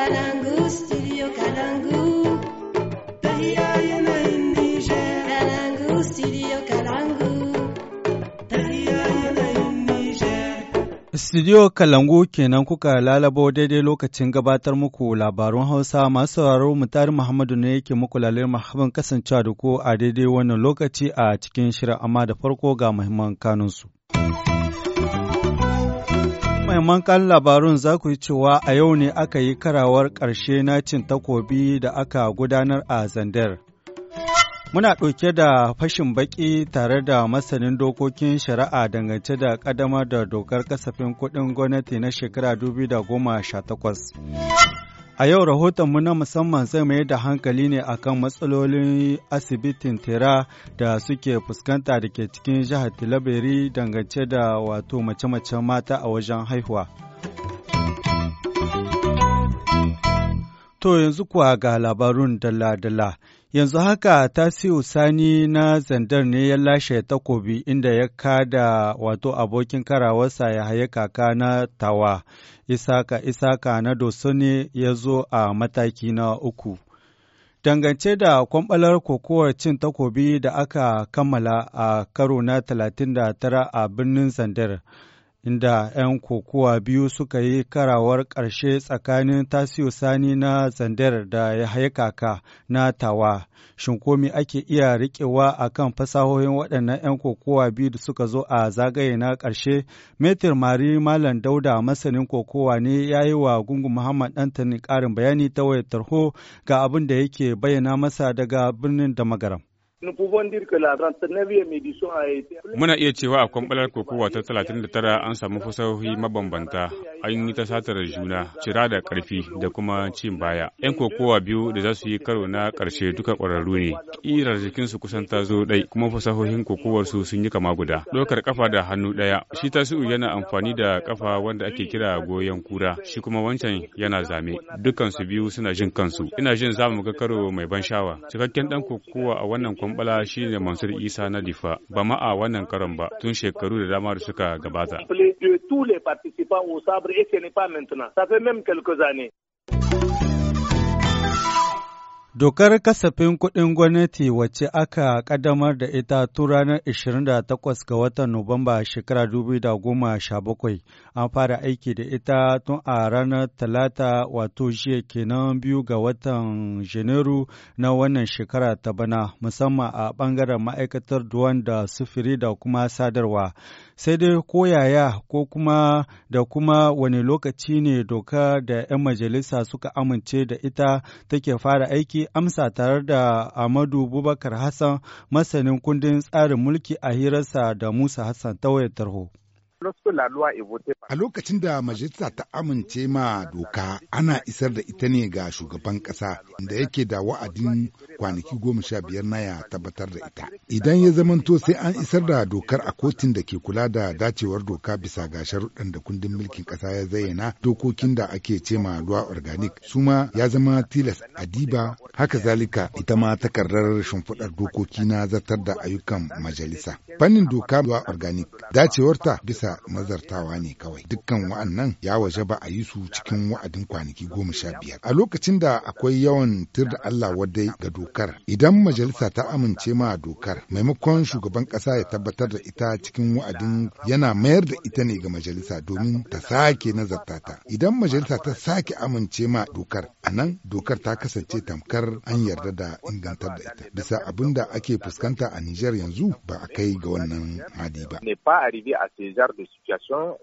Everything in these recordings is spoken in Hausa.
Kalangu, studio Kalangu. kenan kuka lalabo daidai lokacin gabatar muku labarun Hausa masu sauraro mutari Muhammadu ne yake muku lalar mahaban kasancewa da ku a daidai wannan lokaci a cikin shirin amma da farko ga muhimman kanunsu. mahimman kan labarun za ku yi cewa a yau ne aka yi karawar ƙarshe na cin takobi da aka gudanar a Zandar. Muna ɗauke da fashin baƙi tare da masanin dokokin shari'a dangance da ƙaddamar da dokar kasafin kuɗin gwamnati na shekara 2018. A yau rahotonmu na musamman zai mayar da hankali ne akan matsalolin asibitin tera da suke fuskanta da ke cikin jihar Tilaberi dangance da wato mace-macen mata a wajen haihuwa. To yanzu kuwa ga labarun dala-dala. Yanzu haka Tasiu Sani na Zandar ne ya lashe takobi inda ya kada wato abokin karawarsa ya haye kaka na tawa, Isaka Isaka na Doso ne ya zo a mataki na uku. Dangance da kwambalar kokowar cin takobi da aka kammala a karo na 39 a birnin Zandar. inda 'yan kokowa biyu suka yi karawar ƙarshe tsakanin tasiyo sani na zandar da ya kaka na tawa shin komi ake iya riƙewa a kan fasahohin waɗannan 'yan kokowa biyu da suka zo a zagaye na ƙarshe metir mari malam dauda masanin kokowa ne ya yi wa gungu muhammad ɗantani ƙarin bayani ta wayar tarho ga abin da yake bayyana masa daga birnin da magaram Muna iya cewa a kwamɓalar kokowa ta 39 an samu fasahohi mabambanta, an yi ta satar juna, cira da ƙarfi da kuma cin baya. 'Yan kokowa biyu da za su yi karo na ƙarshe duka ƙwararru ne, ƙirar jikinsu kusan ta zo ɗai, kuma fasahohin kokowarsu sun yi kama guda. Ɗaukar kafa da hannu ɗaya, shi tasiu yana amfani da kafa wanda ake kira goyon kura, shi kuma wancan yana zame. Dukansu biyu suna jin kansu. Ina jin za mu ga karo mai ban shawa Cikakken ɗan kokowa a wannan shi shine Mansur Isa na Difa ba ma a wannan karon ba tun shekaru da dama da suka gabata. Dokar kasafin kuɗin gwamnati wacce aka ƙaddamar da ita tun ranar 28 ga watan Nuwamba shekara 2017 an fara aiki da ita tun a ranar Talata wato jiya kenan biyu ga watan Janairu na wannan shekara ta bana musamman a ɓangaren ma'aikatar duwan da sufuri da kuma sadarwa. sai dai ko yaya ko kuma da kuma wani lokaci ne doka da 'yan majalisa suka amince da ita take fara aiki amsa tare da Amadu Bubakar Hassan masanin kundin tsarin mulki a hirarsa da Musa Hassan ta tarho. A lokacin da majalisa ta amince ma doka ana isar da ita ne ga shugaban ƙasa da yake da wa'adin kwanaki goma sha biyar na ya tabbatar da ita. Idan ya zamanto sai an isar da dokar a kotun da ke kula da dacewar doka bisa ga sharuɗan da kundin mulkin ƙasa ya zayyana dokokin da ake ce ma ruwa organic suma ya zama tilas adiba haka zalika ita ma takardar shimfiɗar dokoki na zartar da ayyukan majalisa. Fannin doka ruwa organic dacewarta bisa da mazartawa ne kawai dukkan wa'annan ya waje ba a yi su cikin wa'adin kwanaki goma sha biyar a lokacin da akwai yawan tir da Allah wadai ga dokar idan majalisa ta amince ma dokar maimakon shugaban kasa ya tabbatar da ita cikin wa'adin yana mayar da ita ne ga majalisa domin ta sake nazarta ta idan majalisa ta sake amince ma dokar a nan dokar ta kasance tamkar an yarda da ingantar da ita bisa abin da ake fuskanta a Nijar yanzu ba a kai ga wannan hadi ba. da situation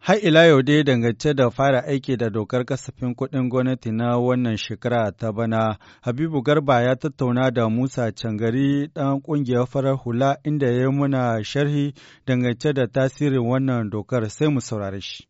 Har ila yau dai dangance da fara aiki da dokar kasafin kuɗin gwamnati na wannan shekara ta bana, Habibu Garba ya tattauna da Musa Cangari ɗan ƙungiyar farar hula inda ya muna sharhi dangance da tasirin wannan dokar sai mu saurare shi.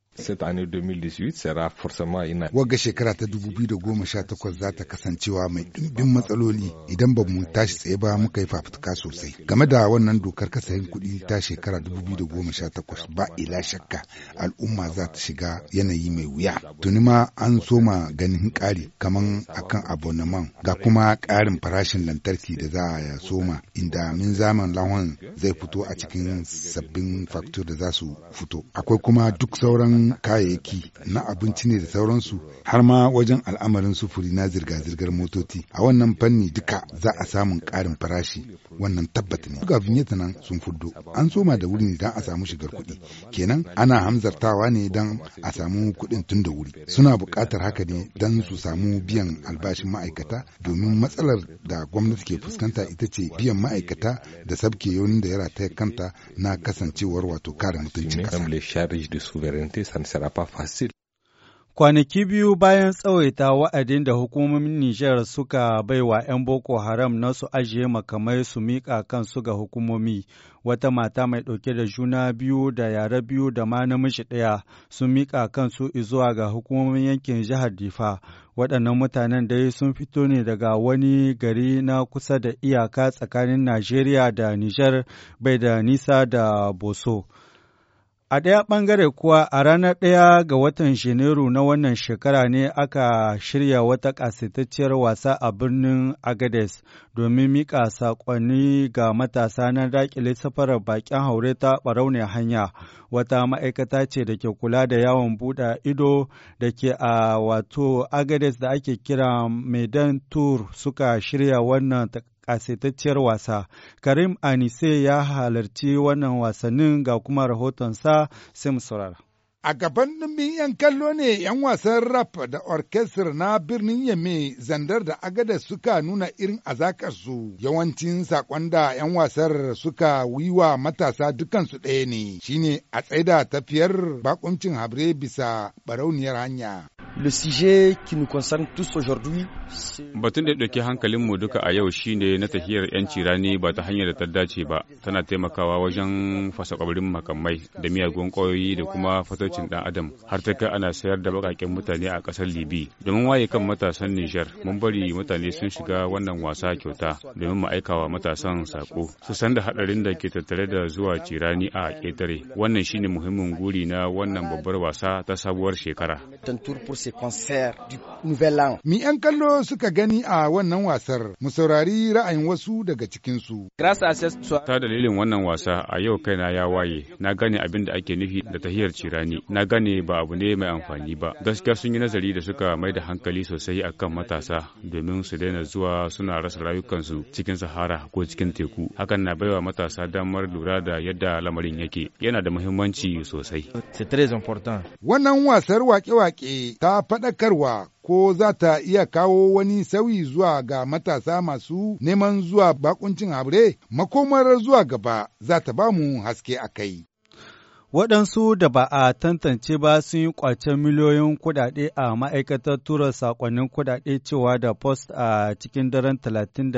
Wagga shekara ta 2018 za ta kasancewa mai dimbin matsaloli idan ba mu tashi tsaye ba muka yi fafutuka sosai. Game da wannan dokar kasayin kuɗi ta shekara 2018 ba ila shakka al'umma za ta shiga yanayi mai wuya. Tuni ma an soma ganin ƙari kaman akan abonaman ga kuma ƙarin farashin lantarki da za a soma inda min zaman lahon zai fito a cikin sabbin factor da za su fito. Akwai kuma duk sauran kayayyaki na abinci ne da sauransu har ma wajen al'amarin sufuri na zirga-zirgar motoci a wannan fanni duka za a samun karin farashi wannan tabbata ne duka ya nan sun fuddo an soma da wuri ne don a samu shigar kuɗi kenan ana hamzartawa ne don a samu kuɗin tun da wuri suna buƙatar haka ne don su samu biyan albashin ma'aikata domin matsalar da gwamnati ke fuskanta ita ce biyan ma'aikata da sabke yaunin da yara ta kanta na kasancewar wato kare mutuncin ƙasa. ne Kwanaki biyu bayan tsawaita wa'adin da hukumomin Nijar suka baiwa 'yan Boko Haram na su ajiye makamai su miƙa kansu ga hukumomi, wata mata mai ɗauke da juna biyu da yare biyu da ma namiji ɗaya sun miƙa kansu izuwa ga hukumomin yankin jihar Difa. Waɗannan mutanen dai sun fito ne daga wani gari na kusa da iyaka tsakanin Najeriya da Nijar bai da nisa da Boso. A ɗaya ɓangare kuwa a ranar ɗaya ga watan Janairu na wannan shekara ne aka shirya wata ƙasitacciyar wasa a birnin Agades domin miƙa saƙonni ga matasa na daƙile safarar baƙin haure ta ɓarauniyar hanya. Wata ma'aikata ce da ke kula da yawon buɗe ido da ke a wato Agades da ake kira Medan Tour suka shirya wannan asaitacciyar wasa. Karim Anise ya halarci wannan wasannin ga kuma rahotonsa sim saurara. A gaban ɗumbin 'yan kallo ne 'yan wasan rap da orkestra na birnin Yame zandar da agada suka nuna irin azakarsu yawancin sakon da 'yan wasar suka wiwa matasa dukansu ɗaya ne shine a tsaida tafiyar bakuncin habre bisa barauniyar hanya. le sujet qui nous concerne tous aujourd'hui batun da ɗauki hankalinmu duka a yau shine na tahiyar yanci rani ba ta hanyar da ta dace ba tana taimakawa wajen fasa ƙwabarin makamai da miyagun ƙwayoyi da kuma fata 'yancin ɗan adam har ta kai ana sayar da baƙaƙen mutane a ƙasar libi domin waye kan matasan nijar mun bari mutane sun shiga wannan wasa kyauta domin mu aikawa matasan sako su san da haɗarin da ke tattare da zuwa cirani a ƙetare wannan shine muhimmin guri na wannan babbar wasa ta sabuwar shekara mi 'yan kallo suka gani a wannan wasar mu saurari ra'ayin wasu daga cikinsu ta dalilin wannan wasa a yau kaina ya waye na gane abin da ake nufi da tahiyar cirani na gane ba abu ne mai amfani ba gaskiya sun yi nazari da suka mai da hankali sosai akan matasa domin su daina zuwa suna rasa rayukansu cikin sahara ko cikin teku hakan na baiwa matasa damar lura da yadda lamarin yake yana da muhimmanci sosai wannan wasar wake-wake ta faɗakarwa ko za ta iya kawo wani sauyi zuwa ga matasa masu neman zuwa bakuncin habre makomar zuwa gaba za ta ba mu haske a kai. Waɗansu da ba a tantance ba sun yi ƙwacen miliyoyin kuɗaɗe a ma'aikatar tura saƙonnin kuɗaɗe cewa da post a cikin daren 31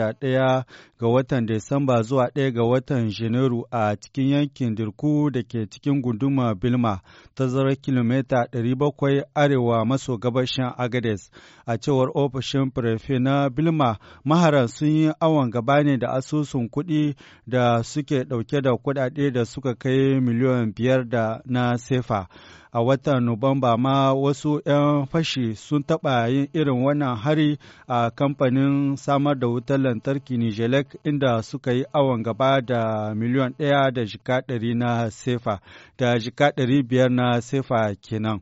ga watan Disamba zuwa 1 ga watan Janairu a cikin yankin Dirku da ke cikin gunduma Bilma, ta tazarar kilomita 700 arewa maso gabashin Agades. A cewar ofishin Prefe na Bilma, maharan sun yi awon gaba ne da asusun kuɗi da suke ɗauke da kuɗaɗe da suka kai miliyoyin biyar ƙasar da na sefa a watan nuwamba ma wasu 'yan fashi sun taɓa yin irin wannan hari a kamfanin samar da wutar lantarki nijelek inda suka yi awon gaba da miliyan ɗaya da jika ɗari na sefa da jika ɗari biyar na sefa kenan.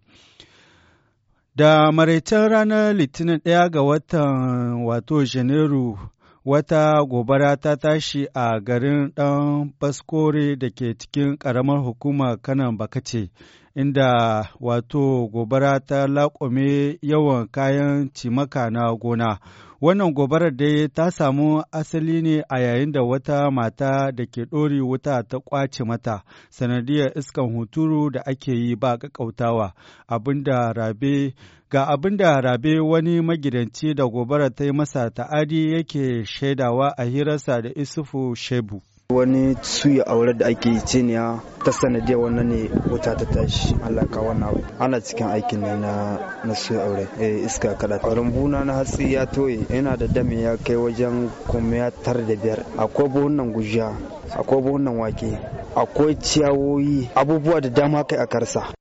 Da maraicen ranar Litinin ɗaya ga watan wato Janairu wata gobara ta tashi a garin ɗan baskore da ke cikin ƙaramar hukumar kanan bakace inda wato gobara ta laƙome yawan kayan cimaka na gona. Wannan gobarar dai ta samu asali ne a yayin da wata mata da ke ɗori wuta ta ƙwace mata sanadiyar iskan hunturu da ake yi ba ƙaƙautawa abinda rabe ga abin da rabe wani magidanci da gobara ta yi masa ta'adi yake shaidawa a hirarsa da isufu shebu. wani suya aure da ake yi ciniya ta sanadiyar wannan ne wuta ta tashi Allah ka wannan abu ana cikin aikin ne na na suya aure eh iska kada buna na hatsi ya toye yana da dami ya kai wajen kuma tar da biyar akwai buhunan gujiya akwai buhunan wake akwai ciyawoyi abubuwa da dama kai a karsa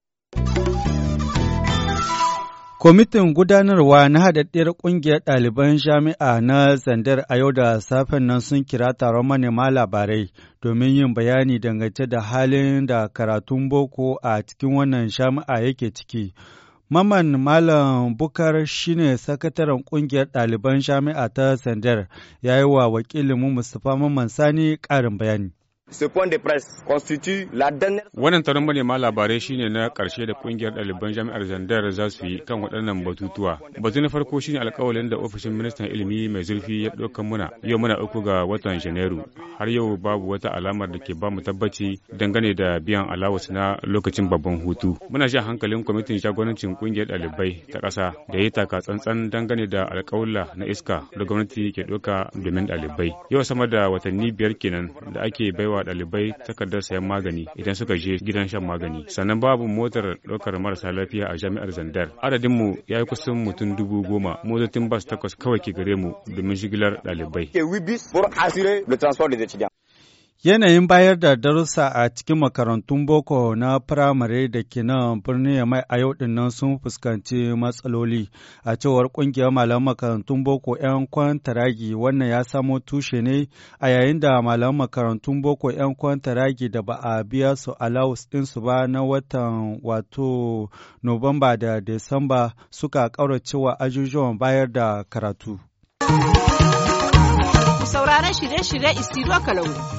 Kwamitin gudanarwa na haɗaɗɗiyar ƙungiyar ɗaliban jami'a na Zandar a yau da safen nan sun kira taron manema labarai domin yin bayani dangance da halin da karatun boko a cikin wannan jami'a yake ciki. Maman Malam Bukar shine sakataren ƙungiyar ɗaliban jami'a ta Zandar ya yi wa wakilinmu Mustapha Maman Sani ƙarin bayani. Wannan taron manema labarai shine na ƙarshe da ƙungiyar ɗaliban jami'ar Zandar za su yi kan waɗannan batutuwa. Batu na farko shine alƙawalin da ofishin ministan ilimi mai zurfi ya ɗauka muna yau muna uku ga watan Janairu. Har yau babu wata alamar da ke ba mu tabbaci dangane da biyan alawus na lokacin babban hutu. Muna shan hankalin kwamitin jagorancin ƙungiyar ɗalibai ta ƙasa da ya taka tsantsan dangane da alƙawalla na iska da gwamnati ke ɗauka domin ɗalibai. Yau sama da watanni biyar kenan da ake baiwa wa ɗalibai takardar sayan magani idan suka je gidan shan magani. Sannan babu motar ɗaukar marasa lafiya a jami'ar Zandar. Adadin mu ya yi kusan mutum dubu goma. Motocin bas takwas kawai ke gare mu domin jigilar ɗalibai. Yanayin bayar da darussa a cikin makarantun boko na firamare da ke nan birnin mai a yau dinnan sun fuskanci matsaloli. A cewar kungiyar malaman makarantun boko 'yan kwantaragi wannan ya samo tushe ne a yayin da malaman makarantun boko 'yan kwantaragi da ba a biya su alawus ɗinsu ba na watan wato Nuwamba da Desamba suka ƙauracewa ajujuwan bayar da karatu. Sauraron shirye-shirye Isiro Kalau.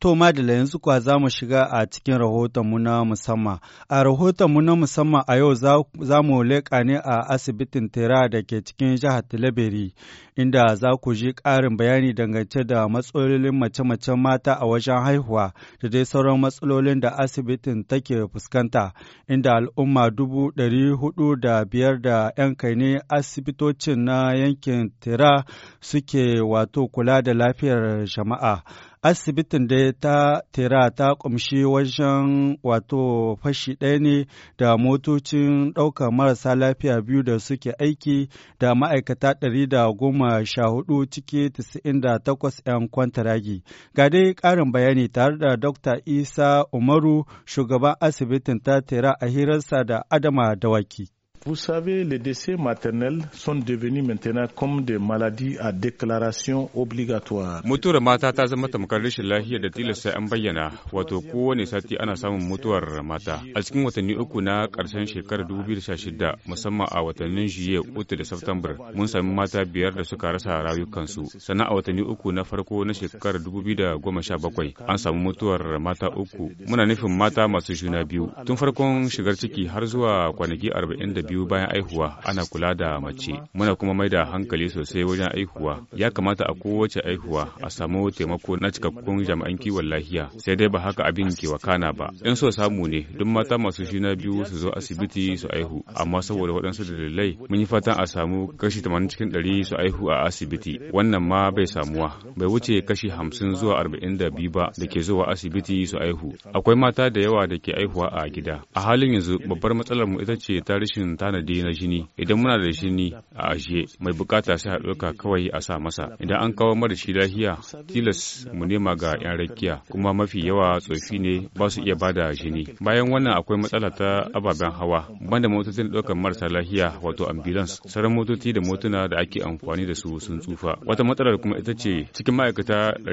To Madala yanzu kwa za mu shiga a cikin rahotonmu na musamman. A rahotonmu na musamman a yau za mu leƙa ne a asibitin Tera da ke cikin jihar Talabiri, inda za ku ji ƙarin bayani dangance da matsalolin mace-macen mata a wajen haihuwa da dai sauran matsalolin da asibitin take fuskanta, inda al'umma dubu ɗari hudu da biyar da ‘yan kai ne asibitocin na yankin Tera suke wato kula da lafiyar jama'a. asibitin da ta tera ta kumshi wajen wato fashi ɗaya ne da motocin ɗauka marasa lafiya biyu da suke aiki da ma'aikata ɗari da goma sha hudu ciki tisa'in da takwas 'yan kwantaragi. Ga dai ƙarin bayani tare da Dr. Isa Umaru shugaban asibitin ta tera a hirarsa da Adama Dawaki. Vous savez, les décès maternels sont devenus maintenant comme des maladies à déclaration obligatoire. Mutuwar mata ta zama tamkar rashin lafiya da tilasta an bayyana, wato kowane sati ana samun mutuwar mata. A cikin watanni uku na ƙarshen shekarar 2016, musamman a watannin Juye, Uta da September, mun sami mata biyar da suka rasa rayukansu. Sannan a watanni uku na farko na shekarar 2017, an samu mutuwar mata uku. Muna nufin mata masu juna biyu. Tun farkon shigar ciki har zuwa kwanaki 42 biyu bayan aihuwa ana kula da mace muna kuma mai da hankali sosai wajen aihuwa ya kamata a kowace aihuwa a samu taimako na cikakkun jami'an kiwon lafiya sai dai ba haka abin ke wakana ba in so samu ne duk mata masu juna biyu su zo asibiti su aihu amma saboda waɗansu dalilai mun yi fatan a samu kashi tamanin cikin ɗari su aihu a asibiti wannan ma bai samuwa bai wuce kashi hamsin zuwa arba'in da biyu ba da ke zuwa asibiti su aihu akwai mata da yawa da ke aihuwa a gida a halin yanzu babbar matsalar mu ita ce ta rashin tanadi na jini idan muna da jini a ajiye mai bukata sai a ɗauka kawai a sa masa idan an kawo mara shi lafiya tilas mu nema ga yan rakiya kuma mafi yawa tsofi ne ba su iya bada jini bayan wannan akwai matsala ta ababen hawa banda motocin ɗaukar marasa lafiya wato ambulance sauran motoci da motuna da ake amfani da su sun tsufa wata matsalar kuma ita ce cikin ma'aikata da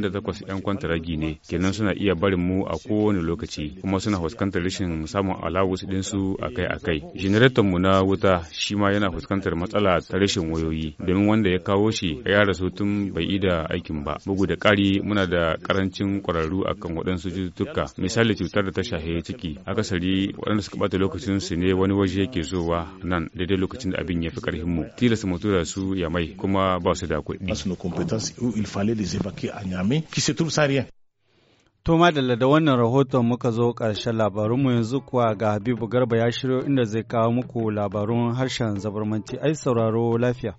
da takwas 'yan ragi ne kenan suna iya barin mu a kowane lokaci kuma suna fuskantar rashin samun alawus ɗinsu a akai-akai. Generator mu na wuta shi ma yana fuskantar matsala ta rashin wayoyi domin wanda ya kawo shi ya rasu tun bai yi da aikin ba. Bugu da ƙari muna da karancin ƙwararru akan waɗansu cututtuka. Misali cutar da ta shahe ciki. Akasari waɗanda suka bata lokacin su ne wani waje yake zowa nan daidai lokacin da abin ya fi ƙarfin mu. Tilasta mu tura su ya mai kuma ba su da kuɗi. To madalla da wannan rahoton muka zo ƙarshen labarunmu yanzu kuwa ga Habibu Garba ya shiryo inda zai kawo muku labarun harshen zabarmanci ai sauraro lafiya.